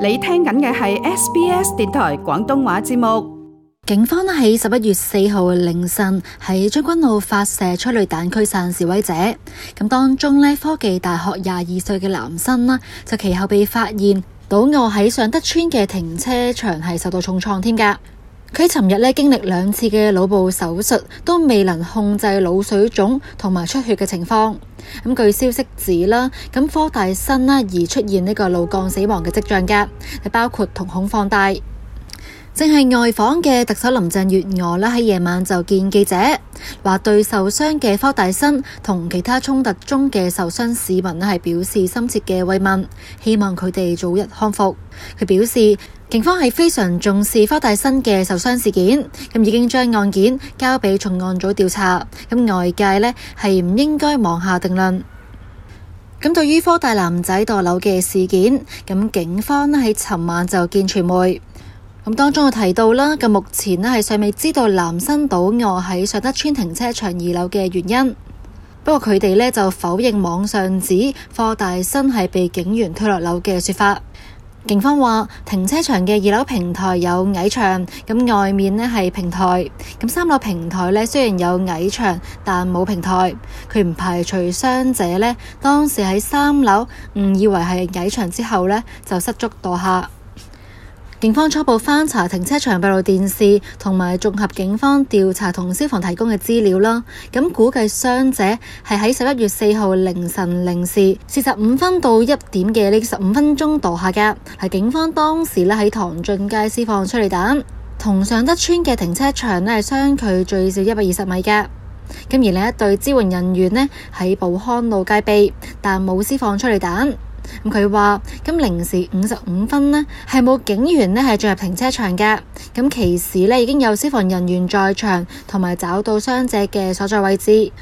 你聽緊嘅係 SBS 電台廣東話節目。警方喺十一月四號凌晨喺將軍澳發射催淚彈驅散示威者。咁當中呢，科技大學廿二歲嘅男生呢，就其後被發現倒臥喺尚德邨嘅停車場，係受到重創添㗎。佢喺尋日咧經歷兩次嘅腦部手術，都未能控制腦水腫同埋出血嘅情況。咁據消息指啦，科大新而出現呢個腦幹死亡嘅跡象嘅，包括瞳孔放大。正係外訪嘅特首林鄭月娥喺夜晚就見記者，話對受傷嘅科大生同其他衝突中嘅受傷市民咧，係表示深切嘅慰問，希望佢哋早日康復。佢表示警方係非常重視科大生嘅受傷事件，咁已經將案件交俾重案組調查。咁外界咧係唔應該妄下定論。咁，對於科大男仔墮樓嘅事件，咁警方喺尋晚就見傳媒。咁當中我提到啦，咁目前呢係尚未知道南新島外喺尚德邨停車場二樓嘅原因。不過佢哋呢就否認網上指科大生係被警員推落樓嘅説法。警方話停車場嘅二樓平台有矮牆，咁外面呢係平台。咁三樓平台呢雖然有矮牆，但冇平台。佢唔排除傷者呢當時喺三樓誤以為係矮牆之後呢就失足墮下。警方初步翻查停車場閉路電視，同埋綜合警方調查同消防提供嘅資料啦，咁估計傷者係喺十一月四號凌晨零時四十五分到一點嘅呢十五分鐘度下嘅。係警方當時呢喺唐俊街施放催淚彈，同尚德邨嘅停車場呢係相距最少一百二十米嘅。咁而另一隊支援人員呢，喺寶康路戒備，但冇施放催淚彈。佢話：咁零時五十五分呢，係冇警員呢係進入停車場嘅。咁其時呢，已經有消防人員在場，同埋找到傷者嘅所在位置。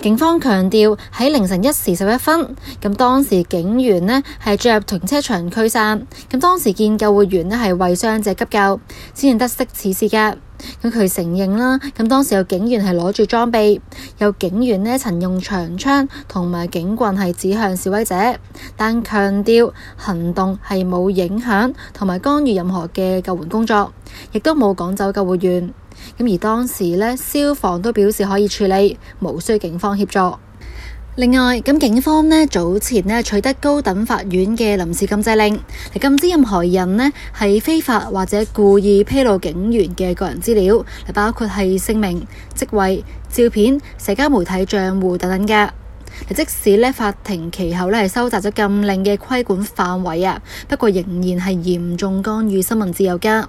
警方強調喺凌晨一時十一分，咁當時警員呢係進入停車場驅散，咁當時見救護員呢係為傷者急救，先至得悉此事嘅。咁佢承認啦，咁當時有警員係攞住裝備，有警員呢曾用長槍同埋警棍係指向示威者，但強調行動係冇影響同埋干預任何嘅救援工作，亦都冇趕走救護員。咁而當時咧，消防都表示可以處理，無需警方協助。另外，咁警方咧早前咧取得高等法院嘅臨時禁制令，禁止任何人咧係非法或者故意披露警員嘅個人資料，包括係姓名、職位、照片、社交媒體賬戶等等嘅。即使咧法庭其後咧係收窄咗禁令嘅規管範圍啊，不過仍然係嚴重干預新聞自由噶。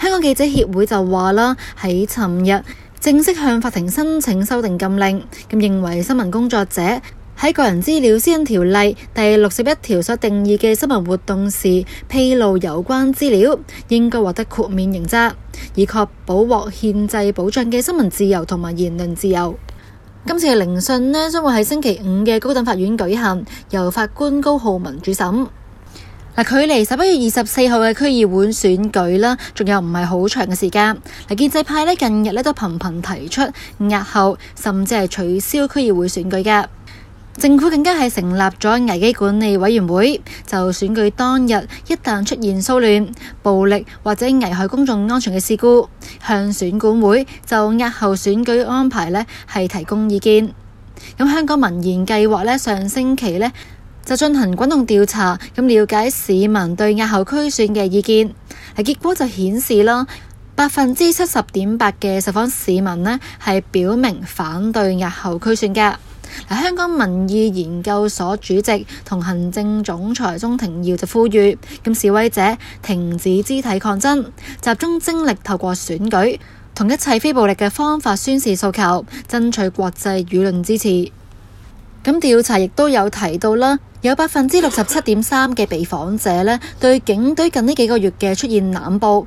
香港記者協會就話啦，喺尋日正式向法庭申請修訂禁令，咁認為新聞工作者喺個人資料私隱條例第六十一條所定義嘅新聞活動時披露有關資料，應該獲得豁免刑責，以確保獲憲制保障嘅新聞自由同埋言論自由。今次嘅聆訊呢，將會喺星期五嘅高等法院舉行，由法官高浩文主審。嗱，距離十一月二十四號嘅區議會選舉啦，仲有唔係好長嘅時間。嗱，建制派咧近日咧都頻頻提出押後，甚至係取消區議會選舉嘅。政府更加係成立咗危機管理委員會，就選舉當日一旦出現騷亂、暴力或者危害公眾安全嘅事故，向選管會就押後選舉安排咧係提供意見。咁香港民研計劃咧上星期咧。就進行滾動調查，咁了解市民對押後區選嘅意見。係結果就顯示啦，百分之七十點八嘅受訪市民呢係表明反對押後區選嘅。香港民意研究所主席同行政總裁鍾庭耀就呼籲，咁示威者停止肢體抗爭，集中精力透過選舉同一切非暴力嘅方法宣示訴求，爭取國際輿論支持。咁調查亦都有提到啦，有百分之六十七點三嘅被訪者咧，對警隊近呢幾個月嘅出現濫捕、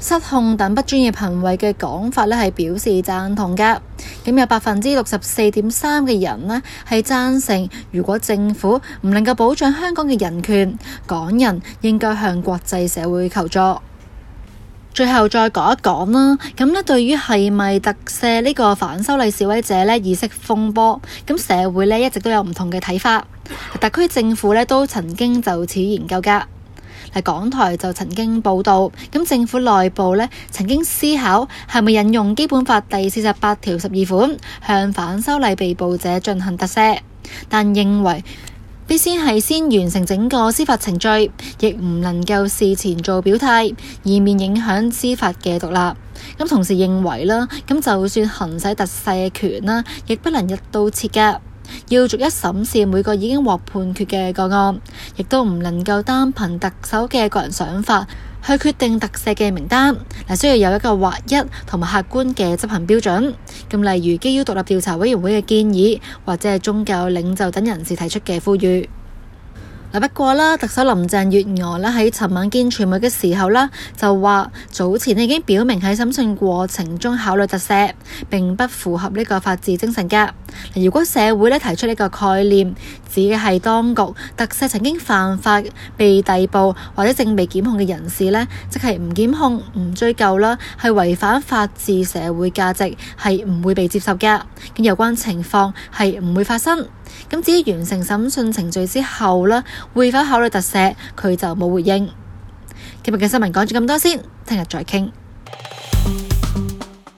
失控等不專業行為嘅講法咧，係表示贊同嘅。咁有百分之六十四點三嘅人咧，係贊成如果政府唔能夠保障香港嘅人權，港人應該向國際社會求助。最後再講一講啦，咁咧對於係咪特赦呢個反修例示威者咧，意識風波咁社會呢一直都有唔同嘅睇法，特區政府呢都曾經就此研究㗎。港台就曾經報道，咁政府內部呢曾經思考係咪引用《基本法》第四十八條十二款向反修例被捕者進行特赦，但認為，必先係先完成整個司法程序，亦唔能夠事前做表態，以免影響司法嘅獨立。咁同時認為啦，咁就算行使特赦權啦，亦不能一刀切㗎。要逐一審視每個已經獲判決嘅個案，亦都唔能夠單憑特首嘅個人想法，去決定特赦嘅名單，需要有一個劃一同埋客觀嘅執行標準，咁例如基於獨立調查委員會嘅建議，或者係宗教領袖等人士提出嘅呼籲。不過特首林鄭月娥咧喺尋晚見傳媒嘅時候就話早前已經表明喺審訊過程中考慮特赦，並不符合呢個法治精神。如果社會提出呢個概念，指嘅係當局特赦曾經犯法被逮捕或者正被檢控嘅人士咧，即係唔檢控唔追究啦，係違反法治社會價值，係唔會被接受嘅。咁有關情況係唔會發生。咁至於完成審訊程序之後咧，會否考慮特赦，佢就冇回應。今日嘅新聞講咗咁多先，聽日再傾。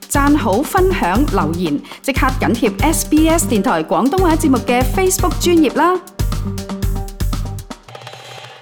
讚好、分享、留言，即刻緊貼 SBS 電台廣東話節目嘅 Facebook 專頁啦！